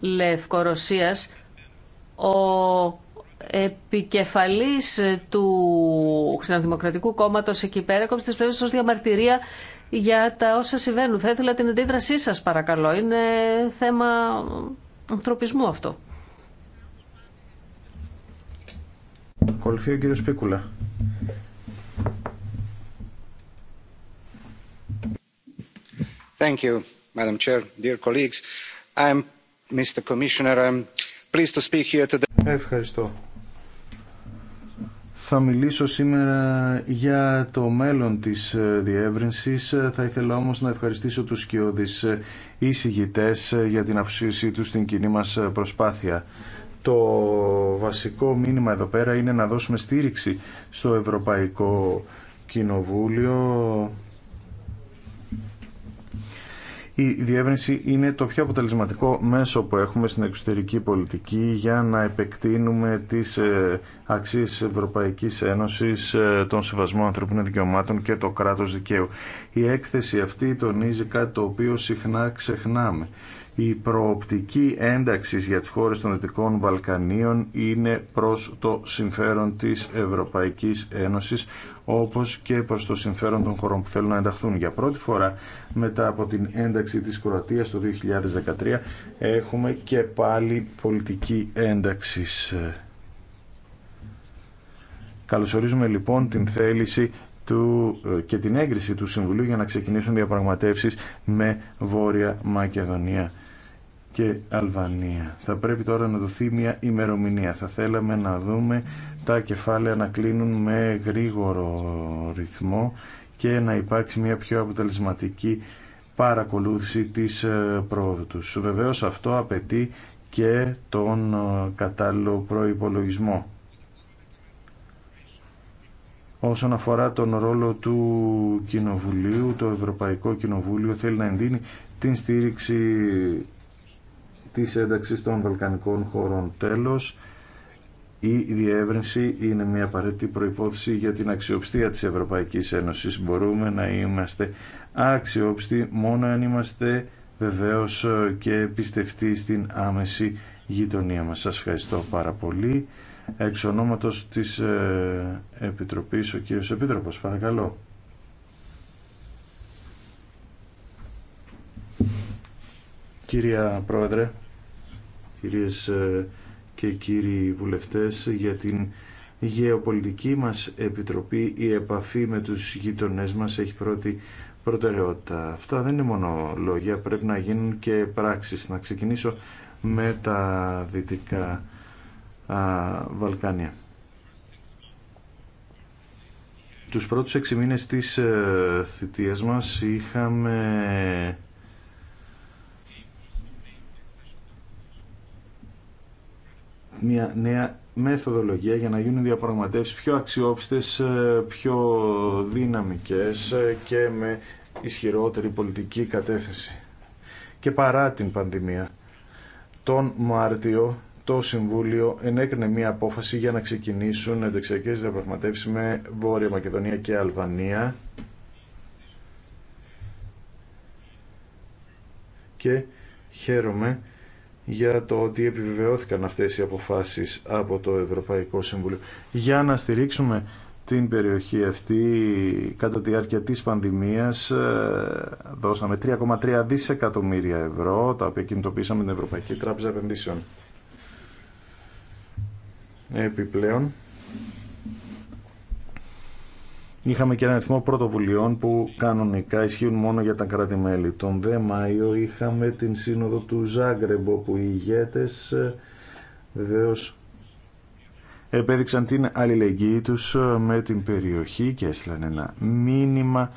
Λευκορωσίας, ο επικεφαλής του Χριστιανοδημοκρατικού Κόμματος εκεί πέρα έκοψε τις πλευρές ως διαμαρτυρία για τα όσα συμβαίνουν. Θα ήθελα την αντίδρασή σας παρακαλώ. Είναι θέμα ανθρωπισμού αυτό. Ακολουθεί ο κύριος Πίκουλα. madam president Ευχαριστώ. Θα μιλήσω σήμερα για το μέλλον της ε, διεύρυνσης. Θα ήθελα όμως να ευχαριστήσω τους σκιώδεις ε, εισηγητές ε, για την αφουσίωσή τους στην κοινή μας προσπάθεια. Το βασικό μήνυμα εδώ πέρα είναι να δώσουμε στήριξη στο Ευρωπαϊκό Κοινοβούλιο η διεύρυνση είναι το πιο αποτελεσματικό μέσο που έχουμε στην εξωτερική πολιτική για να επεκτείνουμε τις ε, αξίες Ευρωπαϊκής Ένωσης, ε, τον σεβασμό ανθρωπίνων δικαιωμάτων και το κράτος δικαίου. Η έκθεση αυτή τονίζει κάτι το οποίο συχνά ξεχνάμε η προοπτική ένταξη για τις χώρες των Δυτικών Βαλκανίων είναι προς το συμφέρον της Ευρωπαϊκής Ένωσης όπως και προς το συμφέρον των χωρών που θέλουν να ενταχθούν. Για πρώτη φορά μετά από την ένταξη της Κροατίας το 2013 έχουμε και πάλι πολιτική ένταξης. Καλωσορίζουμε λοιπόν την θέληση του, ε, και την έγκριση του Συμβουλίου για να ξεκινήσουν διαπραγματεύσεις με Βόρεια Μακεδονία και Αλβανία. Θα πρέπει τώρα να δοθεί μια ημερομηνία. Θα θέλαμε να δούμε τα κεφάλαια να κλείνουν με γρήγορο ρυθμό και να υπάρξει μια πιο αποτελεσματική παρακολούθηση της ε, πρόοδου τους. Βεβαίως αυτό απαιτεί και τον ε, κατάλληλο προϋπολογισμό. Όσον αφορά τον ρόλο του Κοινοβουλίου, το Ευρωπαϊκό Κοινοβούλιο θέλει να ενδύνει την στήριξη της ένταξης των Βαλκανικών χωρών. Τέλος, η διεύρυνση είναι μια απαραίτητη προϋπόθεση για την αξιοπιστία της Ευρωπαϊκής Ένωσης. Μπορούμε να είμαστε αξιόπιστοι μόνο αν είμαστε βεβαίως ε, και πιστευτοί στην άμεση γειτονία μας. Σας ευχαριστώ πάρα πολύ. Εξ ονόματος της ε, Επιτροπής, ο κύριος Επίτροπος, παρακαλώ. Κυρία Πρόεδρε, κυρίες ε, και κύριοι βουλευτές, για την γεωπολιτική μας επιτροπή. Η επαφή με τους γείτονές μας έχει πρώτη προτεραιότητα. Αυτά δεν είναι μόνο λόγια, πρέπει να γίνουν και πράξεις. Να ξεκινήσω με τα Δυτικά Βαλκάνια. Τους πρώτους έξι μήνες της ε, θητείας μας είχαμε μια νέα μεθοδολογία για να γίνουν διαπραγματεύσεις πιο αξιόπιστες, ε, πιο δυναμικές ε, και με ισχυρότερη πολιτική κατέθεση. Και παρά την πανδημία, τον Μάρτιο το Συμβούλιο ενέκρινε μία απόφαση για να ξεκινήσουν εντεξιακές διαπραγματεύσεις με Βόρεια Μακεδονία και Αλβανία και χαίρομαι για το ότι επιβεβαιώθηκαν αυτές οι αποφάσεις από το Ευρωπαϊκό Συμβούλιο για να στηρίξουμε την περιοχή αυτή κατά τη διάρκεια της πανδημίας ε, δώσαμε 3,3 δισεκατομμύρια ευρώ τα οποία κινητοποίησαμε την Ευρωπαϊκή Τράπεζα Επενδύσεων. Επιπλέον είχαμε και ένα αριθμό πρωτοβουλειών που κανονικά ισχύουν μόνο για τα κράτη-μέλη. Τον Δε Μάιο είχαμε την σύνοδο του Ζάγκρεμπο που οι ηγέτες ε, βεβαίω επέδειξαν την αλληλεγγύη τους ε, με την περιοχή και έστειλαν ένα μήνυμα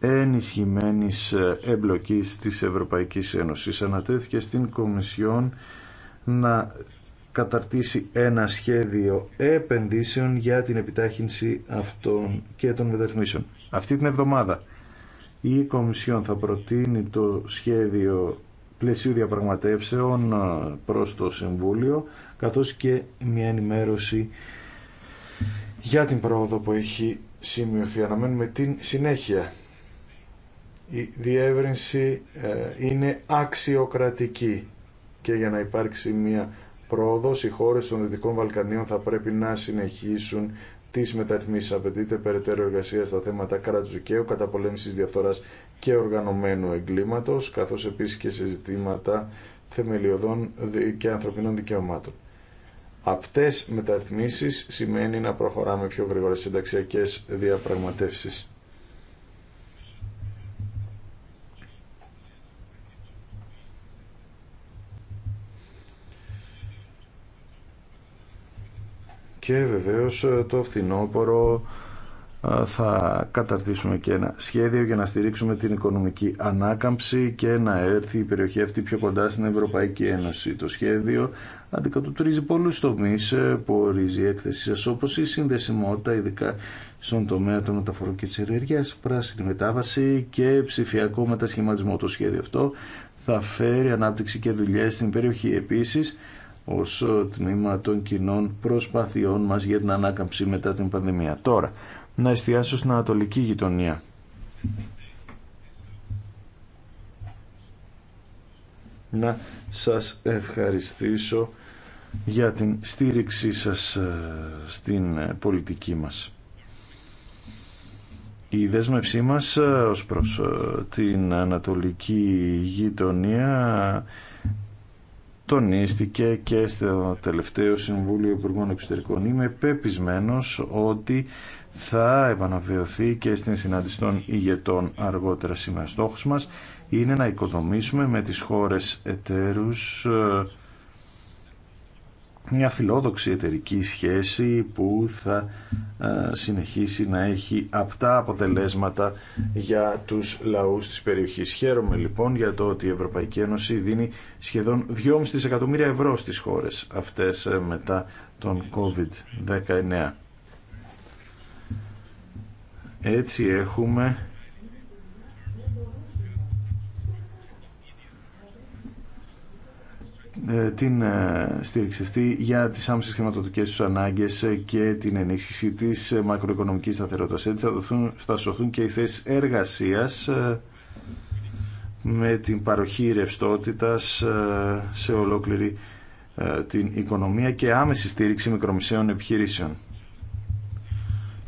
ενισχυμένης ε, εμπλοκής της Ευρωπαϊκής Ένωσης. Ανατέθηκε στην Κομισιόν να καταρτήσει ένα σχέδιο επενδύσεων για την επιτάχυνση αυτών και των μεταρρυθμίσεων. Αυτή την εβδομάδα η Κομισιόν θα προτείνει το σχέδιο πλαισίου διαπραγματεύσεων ε, προς το Συμβούλιο, καθώς και μια ενημέρωση για την πρόοδο που έχει σημειωθεί. Αναμένουμε την συνέχεια. Η διεύρυνση ε, είναι αξιοκρατική και για να υπάρξει μια πρόοδος. Οι χώρες των Δυτικών Βαλκανίων θα πρέπει να συνεχίσουν τι μεταρρυθμίσει. Απαιτείται περαιτέρω εργασία στα θέματα κράτου δικαίου, καταπολέμηση διαφθορά και οργανωμένου εγκλήματο, καθώ επίση και σε ζητήματα θεμελιωδών και ανθρωπινών δικαιωμάτων. Απτέ μεταρρυθμίσει σημαίνει να προχωράμε πιο γρήγορα στι συνταξιακέ διαπραγματεύσει. Και βεβαίως ε, το φθινόπωρο ε, θα καταρτήσουμε και ένα σχέδιο για να στηρίξουμε την οικονομική ανάκαμψη και να έρθει η περιοχή αυτή πιο κοντά στην Ευρωπαϊκή Ένωση. Το σχέδιο αντικατοπτρίζει πολλούς τομείς ε, που ορίζει η έκθεση σας, όπως η συνδεσιμότητα, ειδικά στον τομέα των μεταφορών και της ενέργειας, πράσινη μετάβαση και ψηφιακό μετασχηματισμό. Το σχέδιο αυτό θα φέρει ανάπτυξη και δουλειές στην περιοχή επίσης ως ε, τμήμα των κοινών προσπαθειών μας για την ανάκαμψη μετά την πανδημία. Τώρα, να εστιάσω στην Ανατολική γειτονία. Να σας ευχαριστήσω για την στήριξή σας ε, στην πολιτική μας. Η δέσμευσή μας ε, ως προς την Ανατολική γειτονία τονίστηκε και στο τελευταίο Συμβούλιο Υπουργών Εξωτερικών. Είμαι πεπισμένος ότι θα επαναβεωθεί και στην συνάντηση των ηγετών αργότερα σήμερα. Στόχος μας είναι να οικοδομήσουμε με τις χώρες εταίρους ε, μια φιλόδοξη εταιρική σχέση που θα ε, συνεχίσει να έχει απτά αποτελέσματα για τους λαούς της περιοχής. Χαίρομαι λοιπόν για το ότι η Ευρωπαϊκή Ένωση δίνει σχεδόν 2,5 δισεκατομμύρια ευρώ στις χώρες αυτές ε, μετά τον COVID-19. Έτσι έχουμε Ε, την ε, στήριξη αυτή για τις άμεσες χρηματοδοτικές τους ανάγκες και την ενίσχυση της μακροοικονομικής σταθερότητας. Έτσι θα, σωθούν και οι θέσεις εργασίας ε, με την παροχή ρευστότητα σε ολόκληρη την οικονομία και άμεση στήριξη μικρομεσαίων επιχειρήσεων.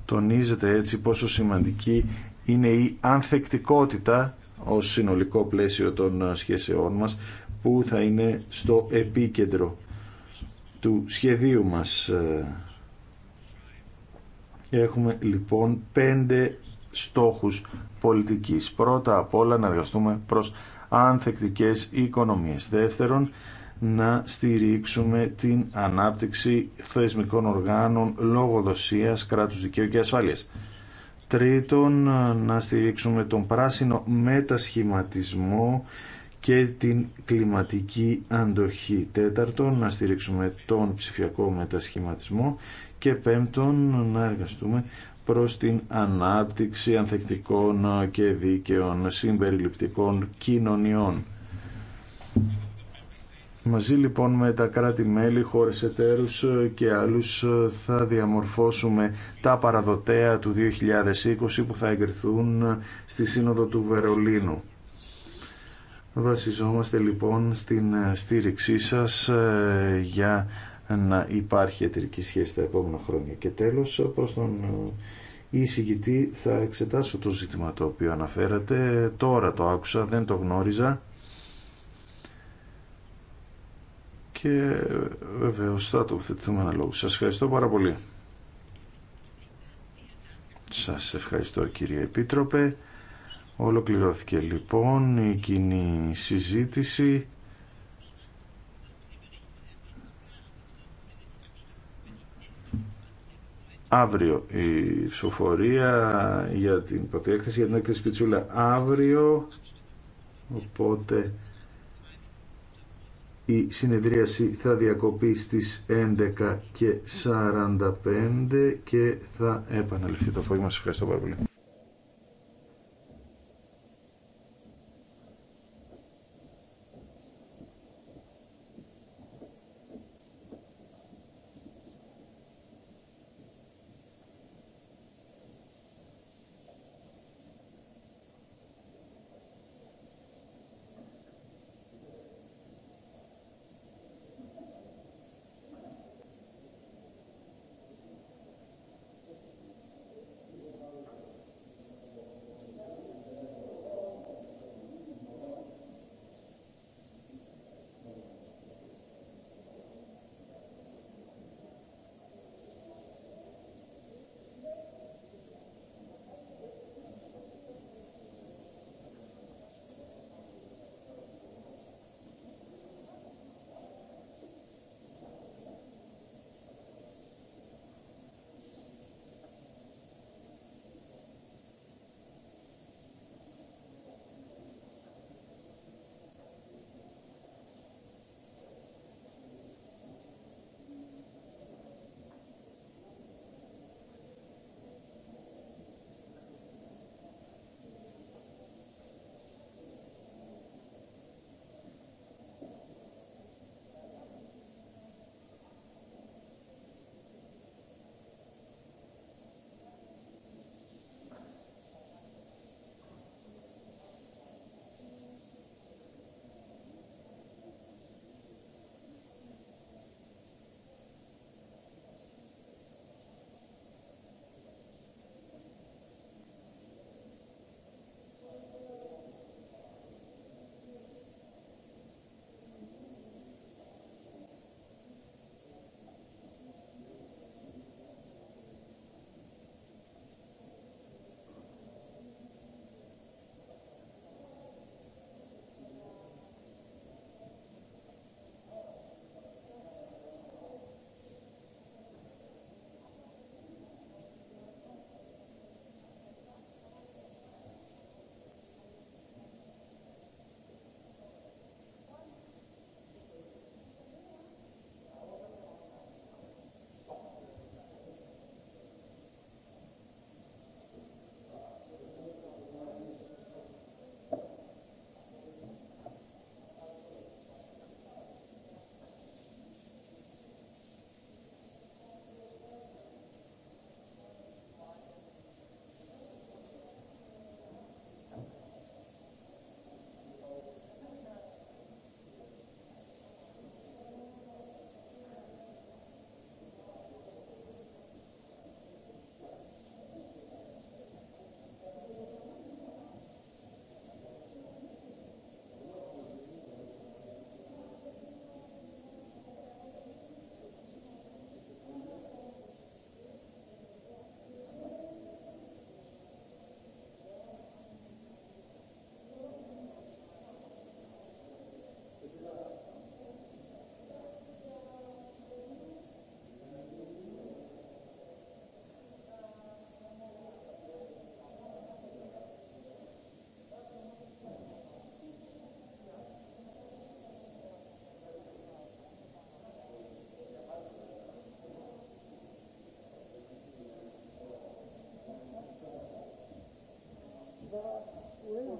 Τονίζεται έτσι πόσο σημαντική είναι η ανθεκτικότητα ως συνολικό πλαίσιο των σχέσεών μας που θα είναι στο επίκεντρο του σχεδίου μας. Έχουμε λοιπόν πέντε στόχους πολιτικής. Πρώτα απ' όλα να εργαστούμε προς ανθεκτικές οικονομίες. Δεύτερον, να στηρίξουμε την ανάπτυξη θεσμικών οργάνων λογοδοσίας, κράτους δικαίου και ασφάλειας. Τρίτον, να στηρίξουμε τον πράσινο μετασχηματισμό και την κλιματική αντοχή. Τέταρτον, να στηρίξουμε τον ψηφιακό μετασχηματισμό και πέμπτον, να εργαστούμε προς την ανάπτυξη ανθεκτικών και δίκαιων συμπεριληπτικών κοινωνιών. Μαζί λοιπόν με τα κράτη-μέλη, χώρες εταίρους και άλλους θα διαμορφώσουμε τα παραδοτέα του 2020 που θα εγκριθούν στη Σύνοδο του Βερολίνου. Βασιζόμαστε λοιπόν στην ε, στήριξή σας ε, για να υπάρχει εταιρική σχέση τα επόμενα χρόνια. Και τέλος, προς τον ε, εισηγητή θα εξετάσω το ζήτημα το οποίο αναφέρατε. Τώρα το άκουσα, δεν το γνώριζα. Και βεβαίω θα ένα λόγο. Σας ευχαριστώ πάρα πολύ. Σας ευχαριστώ κύριε Επίτροπε. Ολοκληρώθηκε λοιπόν η κοινή συζήτηση. Αύριο η ψηφοφορία για την πρώτη έκθεση, για την έκθεση Πιτσούλα αύριο, οπότε η συνεδρίαση θα διακοπεί στις 11.45 και θα επαναληφθεί το φόβο. Σας ευχαριστώ πάρα πολύ.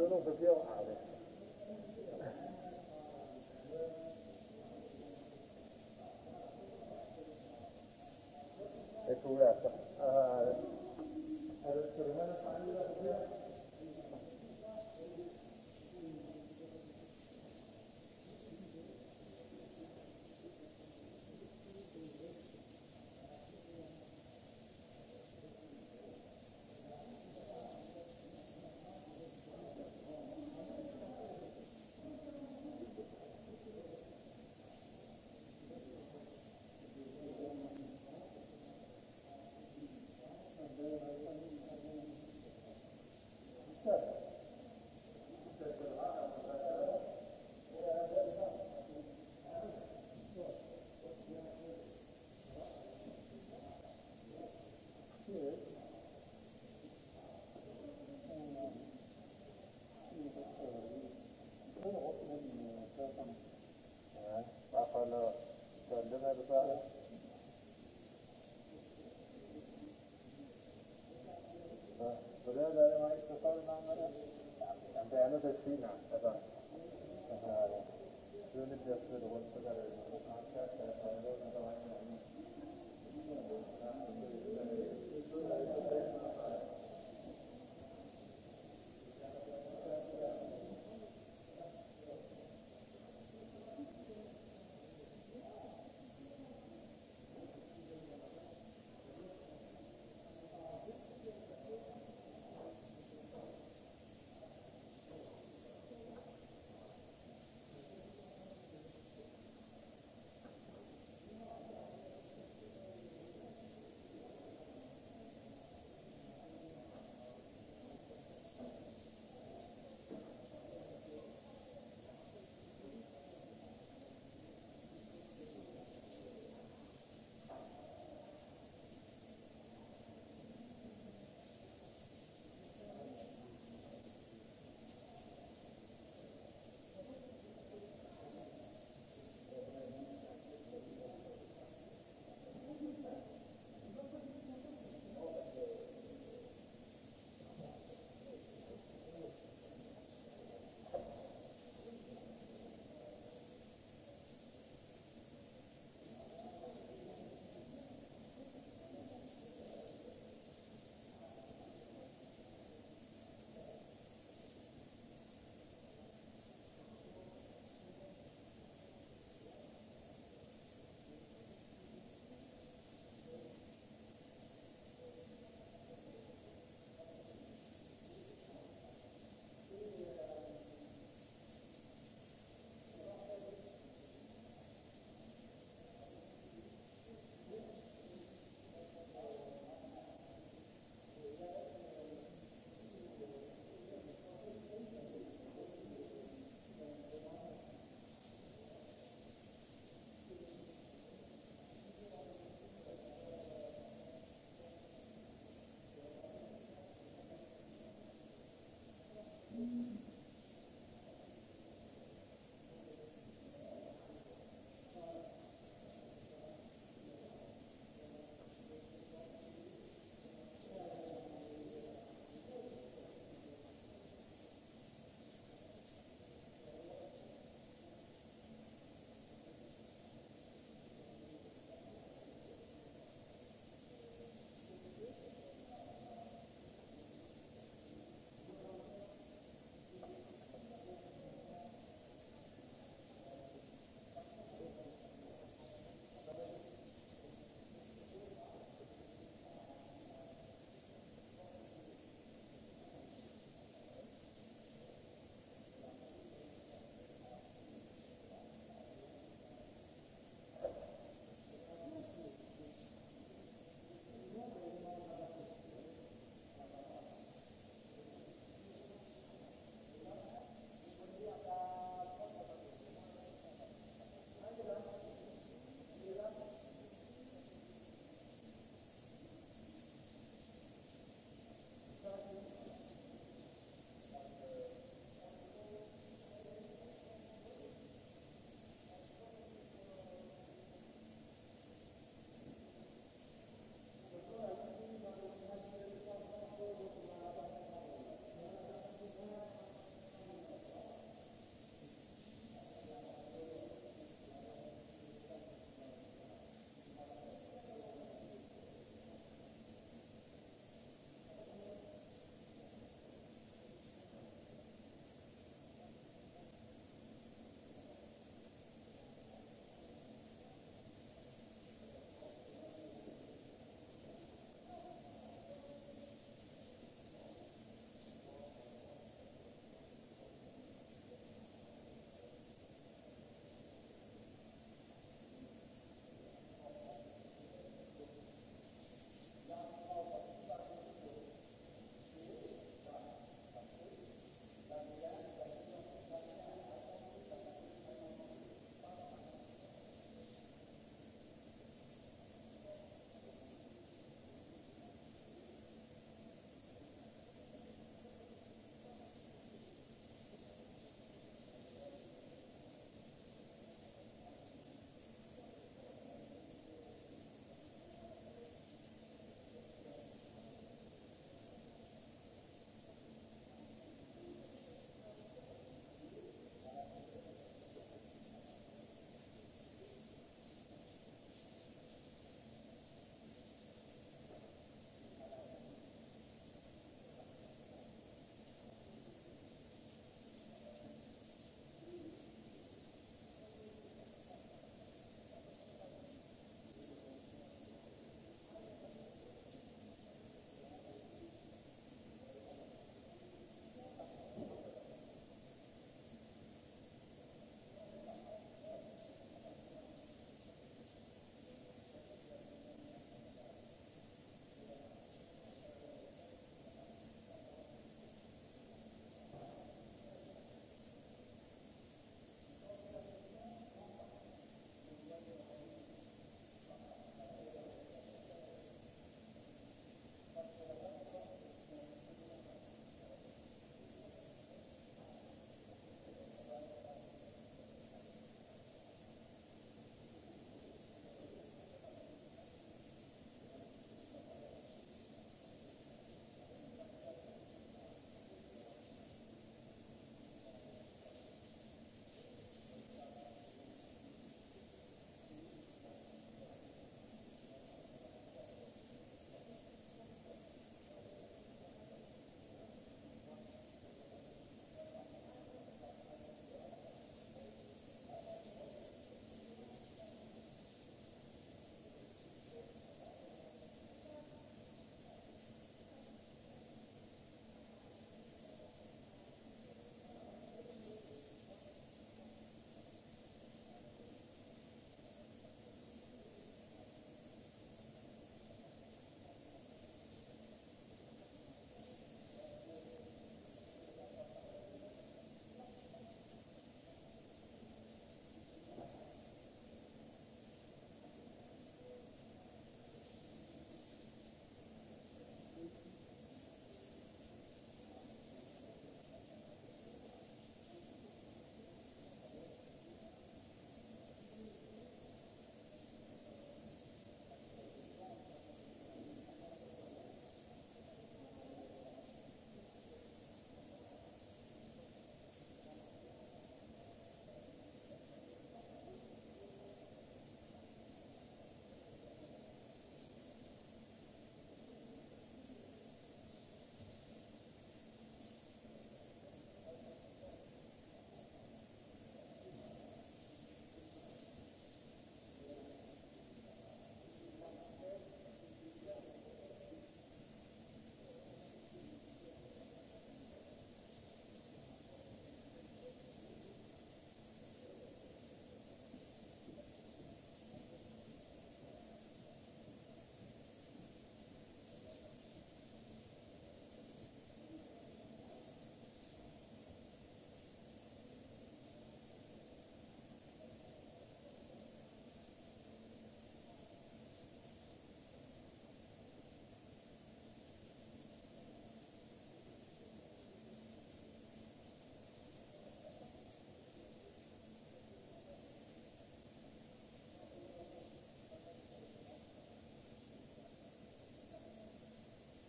Δεν νομίζω πια άλλο. AUTHORWAVE